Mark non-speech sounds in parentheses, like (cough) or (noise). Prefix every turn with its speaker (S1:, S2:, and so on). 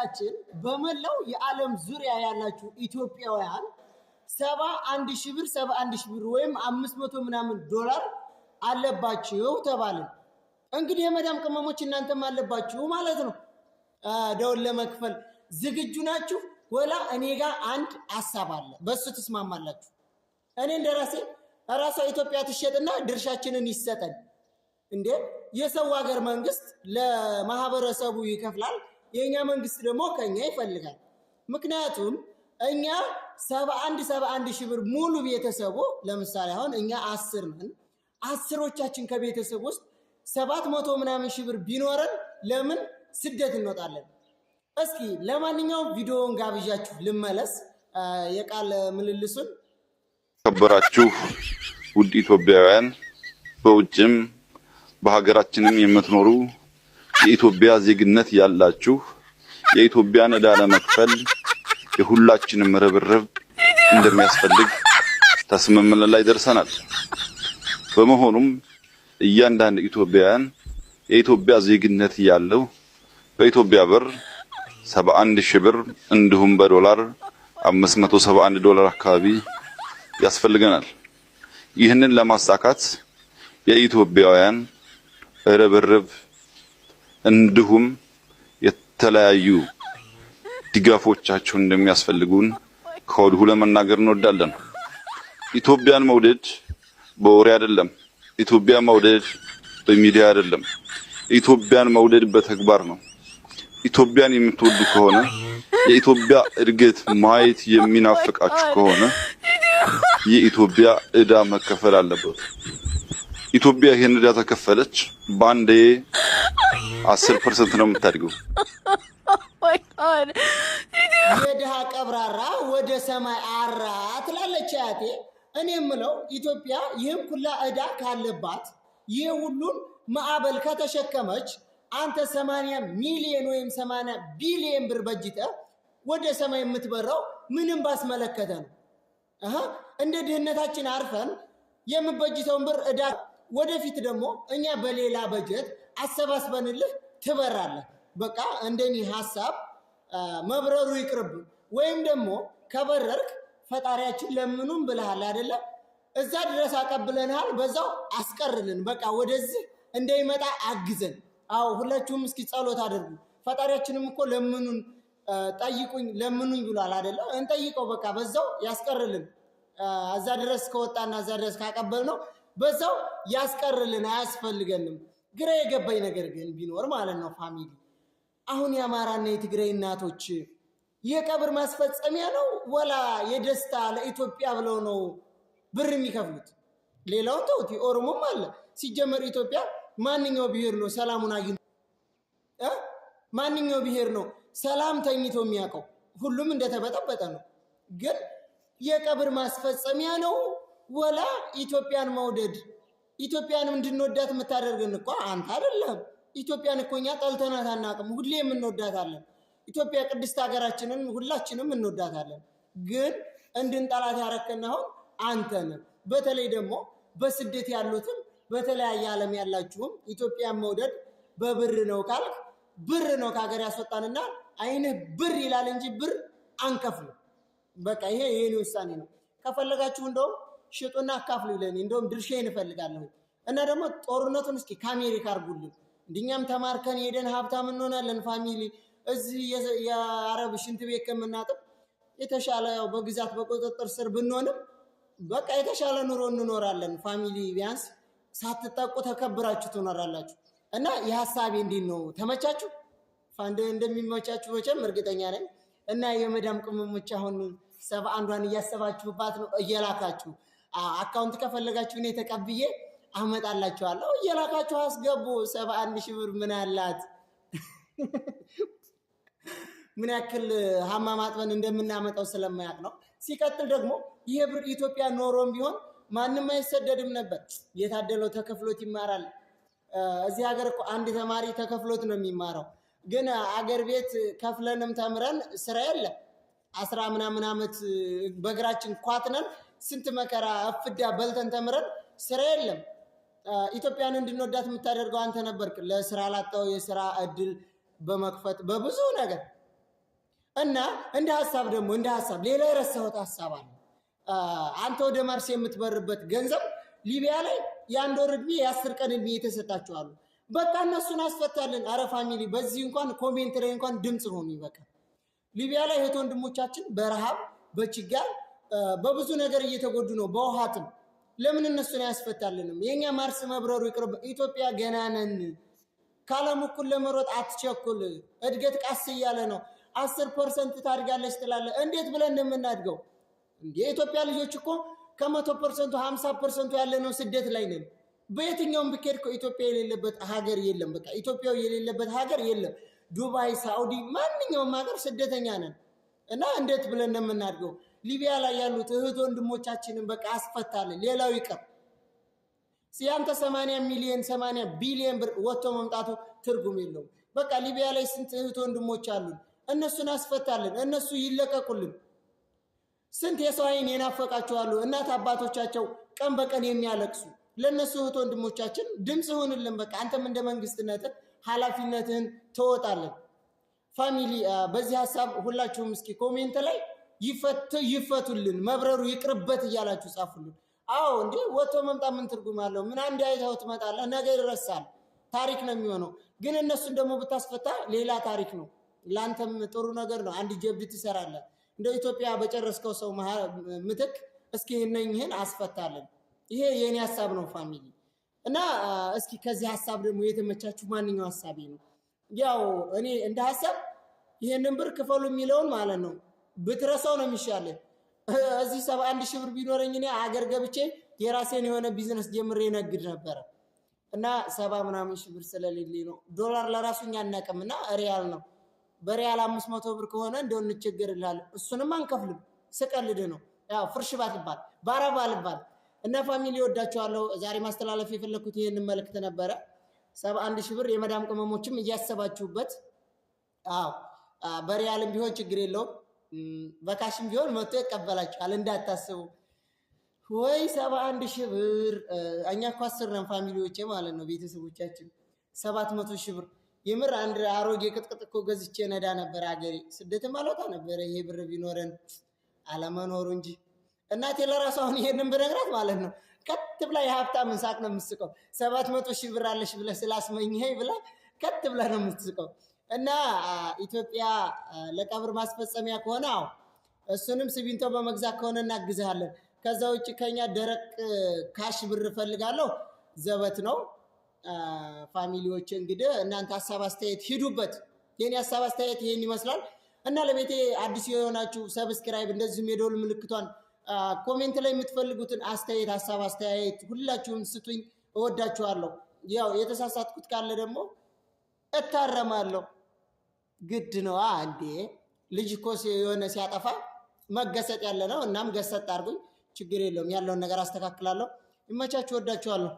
S1: መልእክታችን በመላው የዓለም ዙሪያ ያላችሁ ኢትዮጵያውያን ሰባ አንድ ሺህ ብር ሰባ አንድ ሺህ ብር ወይም አምስት መቶ ምናምን ዶላር አለባችሁ ተባልን። እንግዲህ የመዳም ቅመሞች እናንተም አለባችሁ ማለት ነው። ደውል ለመክፈል ዝግጁ ናችሁ? ወላ እኔ ጋር አንድ ሀሳብ አለ፣ በሱ ትስማማላችሁ። እኔ እንደ ራሴ ኢትዮጵያ ትሸጥና ድርሻችንን ይሰጠን እንዴ! የሰው ሀገር መንግስት ለማህበረሰቡ ይከፍላል። የእኛ መንግስት ደግሞ ከኛ ይፈልጋል። ምክንያቱም እኛ ሰባ አንድ ሰባ አንድ ሺህ ብር ሙሉ ቤተሰቡ ለምሳሌ አሁን እኛ አስር ነን። አስሮቻችን ከቤተሰብ ውስጥ ሰባት መቶ ምናምን ሺህ ብር ቢኖረን ለምን ስደት እንወጣለን? እስኪ ለማንኛውም ቪዲዮውን ጋብዣችሁ ልመለስ። የቃለ ምልልሱን
S2: ከበራችሁ ውድ ኢትዮጵያውያን በውጭም በሀገራችንም የምትኖሩ የኢትዮጵያ ዜግነት ያላችሁ የኢትዮጵያን ዕዳ ለመክፈል የሁላችንም ርብርብ እንደሚያስፈልግ ስምምነት ላይ ደርሰናል። በመሆኑም እያንዳንድ ኢትዮጵያውያን የኢትዮጵያ ዜግነት ያለው በኢትዮጵያ ብር 71 ሺህ ብር እንዲሁም በዶላር 571 ዶላር አካባቢ ያስፈልገናል። ይህንን ለማሳካት የኢትዮጵያውያን ርብርብ እንዲሁም የተለያዩ ድጋፎቻቸውን እንደሚያስፈልጉን ከወዲሁ ለመናገር እንወዳለን። ኢትዮጵያን መውደድ በወሬ አይደለም። ኢትዮጵያ መውደድ በሚዲያ አይደለም። ኢትዮጵያን መውደድ በተግባር ነው። ኢትዮጵያን የምትወዱ ከሆነ የኢትዮጵያ እድገት ማየት የሚናፍቃችሁ ከሆነ የኢትዮጵያ እዳ መከፈል አለበት። ኢትዮጵያ ይህን እዳ ተከፈለች ባንዴ አስር ፐርሰንት ነው የምታድገው። (laughs)
S1: oh የድሃ ቀብራራ ወደ ሰማይ አራ ትላለች አያቴ። እኔ የምለው ኢትዮጵያ ይህም ኩላ እዳ ካለባት ይህ ሁሉን ማዕበል ከተሸከመች አንተ 80 ሚሊዮን ወይም 80 ቢሊዮን ብር በጅጠ ወደ ሰማይ የምትበራው ምንም ባስመለከተ ነው። እንደ ድህነታችን አርፈን የምበጅተውን ብር እዳ ወደፊት ደግሞ እኛ በሌላ በጀት አሰባስበንልህ ትበራለህ። በቃ እንደኔ ሀሳብ መብረሩ ይቅርብ። ወይም ደግሞ ከበረርክ ፈጣሪያችን ለምኑን ብልሃል አይደለም? እዛ ድረስ አቀብለንሃል፣ በዛው አስቀርልን። በቃ ወደዚህ እንዳይመጣ አግዘን። አዎ ሁላችሁም እስኪ ጸሎት አድርጉ። ፈጣሪያችንም እኮ ለምኑን ጠይቁኝ ለምኑኝ ብሏል አይደለም? እንጠይቀው በቃ በዛው ያስቀርልን። እዛ ድረስ ከወጣና እዛ ድረስ ነው በዛው ያስቀርልን፣ አያስፈልገንም። ግራ የገባኝ ነገር ግን ቢኖር ማለት ነው ፋሚሊ አሁን የአማራና የትግራይ እናቶች የቀብር ማስፈጸሚያ ነው ወላ የደስታ ለኢትዮጵያ ብለው ነው ብር የሚከፍሉት? ሌላውን ተውት፣ ኦሮሞም አለ። ሲጀመር ኢትዮጵያ ማንኛው ብሔር ነው ሰላሙን አግኝቶ ማንኛው ብሔር ነው ሰላም ተኝቶ የሚያውቀው? ሁሉም እንደተበጠበጠ ነው። ግን የቀብር ማስፈጸሚያ ነው ወላ ኢትዮጵያን መውደድ ኢትዮጵያን እንድንወዳት የምታደርግን እኮ አንተ አይደለም። ኢትዮጵያን እኮ እኛ ጠልተናት አናውቅም። ሁሌ እንወዳታለን። ኢትዮጵያ ቅድስት ሀገራችንን ሁላችንም እንወዳታለን። ግን እንድንጠላት ያረከን አሁን አንተን በተለይ ደግሞ በስደት ያሉትም በተለያየ ዓለም ያላችሁም ኢትዮጵያን መውደድ በብር ነው ካልክ ብር ነው ከሀገር ያስወጣንና አይንህ ብር ይላል እንጂ ብር አንከፍልም። በቃ ይሄ የኔ ውሳኔ ነው። ከፈለጋችሁ እንደውም ሽጡና አካፍሉ ይለን። እንደውም ድርሻዬን እንፈልጋለሁ። እና ደግሞ ጦርነቱን እስኪ ከአሜሪካ አድርጉልን። እንድኛም ተማርከን ሄደን ሀብታም እንሆናለን። ፋሚሊ እዚህ የአረብ ሽንት ቤት ከምናጥብ የተሻለ ያው በግዛት በቁጥጥር ስር ብንሆንም በቃ የተሻለ ኑሮ እንኖራለን። ፋሚሊ ቢያንስ ሳትጠቁ ተከብራችሁ ትኖራላችሁ። እና የሀሳቤ እንዴት ነው? ተመቻችሁ? እንደሚመቻችሁ መቼም እርግጠኛ ነኝ። እና የመዳም ቅመሞች አሁን ሰባ አንዷን እያሰባችሁባት ነው እየላካችሁ አካውንት ከፈለጋችሁ እኔ ተቀብዬ አመጣላችኋለሁ። እየላካችሁ አስገቡ። ሰባ አንድ ሺህ ብር ምን ያላት (laughs) ምን ያክል ሀማ ማጥበን እንደምናመጣው ስለማያውቅ ነው። ሲቀጥል ደግሞ ይሄ ብር ኢትዮጵያ ኖሮም ቢሆን ማንም አይሰደድም ነበር። የታደለው ተከፍሎት ይማራል። እዚህ ሀገር እኮ አንድ ተማሪ ተከፍሎት ነው የሚማረው። ግን አገር ቤት ከፍለንም ተምረን ስራ የለ አስራ ምናምን ዓመት በእግራችን ኳትነን ስንት መከራ አፍዳ በልተን ተምረን ስራ የለም። ኢትዮጵያን እንድንወዳት የምታደርገው አንተ ነበርክ። ለስራ ላጣው የስራ እድል በመክፈት በብዙ ነገር እና እንደ ሀሳብ ደግሞ እንደ ሀሳብ ሌላ የረሳሁት ሀሳብ አለ። አንተ ወደ ማርስ የምትበርበት ገንዘብ ሊቢያ ላይ የአንድ ወር እድሜ የአስር ቀን እድሜ የተሰጣቸው አሉ። በቃ እነሱን አስፈታልን። አረ ፋሚሊ፣ በዚህ እንኳን ኮሜንት ላይ እንኳን ድምፅ ሆኑ። ይበቃል። ሊቢያ ላይ እህት ወንድሞቻችን በረሃብ በችጋር በብዙ ነገር እየተጎዱ ነው። በውሃትም ለምን እነሱን አያስፈታልንም? የእኛ ማርስ መብረሩ ይቅርብ። ኢትዮጵያ ገና ነን። ከዓለም እኩል ለመሮጥ አትቸኩል። እድገት ቃስ እያለ ነው። አስር ፐርሰንት ታድጋለች ትላለ። እንዴት ብለን እንደምናድገው የኢትዮጵያ ልጆች እኮ ከመቶ ፐርሰንቱ ሀምሳ ፐርሰንቱ ያለ ነው ስደት ላይ ነን። በየትኛውም ብኬድ ኢትዮጵያ የሌለበት ሀገር የለም። በቃ ኢትዮጵያ የሌለበት ሀገር የለም። ዱባይ፣ ሳዑዲ፣ ማንኛውም ሀገር ስደተኛ ነን እና እንዴት ብለን እንደምናድገው ሊቢያ ላይ ያሉት እህት ወንድሞቻችንን በቃ አስፈታልን። ሌላው ይቀር ሲያንተ 80 ሚሊዮን 80 ቢሊዮን ብር ወጥቶ መምጣቱ ትርጉም የለውም። በቃ ሊቢያ ላይ ስንት እህት ወንድሞች አሉን። እነሱን አስፈታልን፣ እነሱ ይለቀቁልን። ስንት የሰው አይን የናፈቃቸዋሉ እናት አባቶቻቸው ቀን በቀን የሚያለቅሱ ለእነሱ እህት ወንድሞቻችን ድምፅ ሆንልን። በቃ አንተም እንደ መንግስትነትን ኃላፊነትህን ትወጣለን። ፋሚሊ በዚህ ሀሳብ ሁላችሁም እስኪ ኮሜንት ላይ ይፈቱልን፣ መብረሩ ይቅርበት እያላችሁ ጻፉልን። አዎ እንዲህ ወጥቶ መምጣት ምን ትርጉም አለው? ምን አንድ አይታው ትመጣለ፣ ነገ ይረሳል፣ ታሪክ ነው የሚሆነው። ግን እነሱን ደግሞ ብታስፈታ ሌላ ታሪክ ነው፣ ለአንተም ጥሩ ነገር ነው። አንድ ጀብድ ትሰራለ። እንደ ኢትዮጵያ በጨረስከው ሰው ምትክ እስኪ እነኝህን አስፈታለን። ይሄ የእኔ ሀሳብ ነው ፋሚሊ እና እስኪ ከዚህ ሀሳብ ደግሞ የተመቻችሁ ማንኛው ሀሳቤ ነው። ያው እኔ እንደ ሀሳብ ይሄንን ብር ክፈሉ የሚለውን ማለት ነው ብትረሳው ነው የሚሻለኝ። እዚህ ሰባ አንድ ሺህ ብር ቢኖረኝ እኔ አገር ገብቼ የራሴን የሆነ ቢዝነስ ጀምሬ ነግድ ነበረ እና ሰባ ምናምን ሺህ ብር ስለሌለኝ ነው። ዶላር ለራሱ እኛ አናውቅም እና ሪያል ነው። በሪያል አምስት መቶ ብር ከሆነ እንደው እንቸገርልሃለን። እሱንም አንከፍልም። ስቀልድ ነው። ያው ፍርሽ ባትባል ባረባ ልባል እና ፋሚሊ ወዳችኋለሁ። ዛሬ ማስተላለፍ የፈለግኩት ይህንን መልእክት ነበረ። ሰባ አንድ ሺህ ብር የመዳም ቅመሞችም እያሰባችሁበት፣ አዎ በሪያልም ቢሆን ችግር የለውም በካሽም ቢሆን መጥቶ ይቀበላቸዋል እንዳታስቡ። ወይ ሰባ አንድ ሺህ ብር እኛ እኮ አስር ነን ፋሚሊዎቼ ማለት ነው ቤተሰቦቻችን ሰባት መቶ ሺህ ብር የምር አንድ አሮጌ ቅጥቅጥ እኮ ገዝቼ ነዳ ነበር አገሬ ስደትም አልወጣ ነበረ ይሄ ብር ቢኖረን አለመኖሩ እንጂ እናቴ ለራሱ አሁን ይሄንን ብነግራት ማለት ነው ከት ብላ የሀብታ ምንሳቅ ነው የምትስቀው። ሰባት መቶ ሺህ ብር አለሽ ብለህ ስላስመኝ ብላ ከት ብላ ነው የምትስቀው። እና ኢትዮጵያ ለቀብር ማስፈጸሚያ ከሆነ አዎ እሱንም ሲሚንቶ በመግዛት ከሆነ እናግዝሃለን። ከዛ ውጭ ከኛ ደረቅ ካሽ ብር እፈልጋለሁ። ዘበት ነው። ፋሚሊዎች እንግዲህ እናንተ ሀሳብ አስተያየት ሂዱበት። የኔ ሀሳብ አስተያየት ይሄን ይመስላል እና ለቤቴ አዲስ የሆናችሁ ሰብስክራይብ፣ እንደዚሁም የደወል ምልክቷን፣ ኮሜንት ላይ የምትፈልጉትን አስተያየት ሀሳብ አስተያየት ሁላችሁም ስጡኝ። እወዳችኋለሁ። ያው የተሳሳትኩት ካለ ደግሞ እታረማለሁ። ግድ ነዋ እንዴ! ልጅ እኮ የሆነ ሲያጠፋ መገሰጥ ያለ ነው። እናም ገሰጥ አድርጉኝ፣ ችግር የለውም። ያለውን ነገር አስተካክላለሁ። ይመቻችሁ። ወዳችኋለሁ።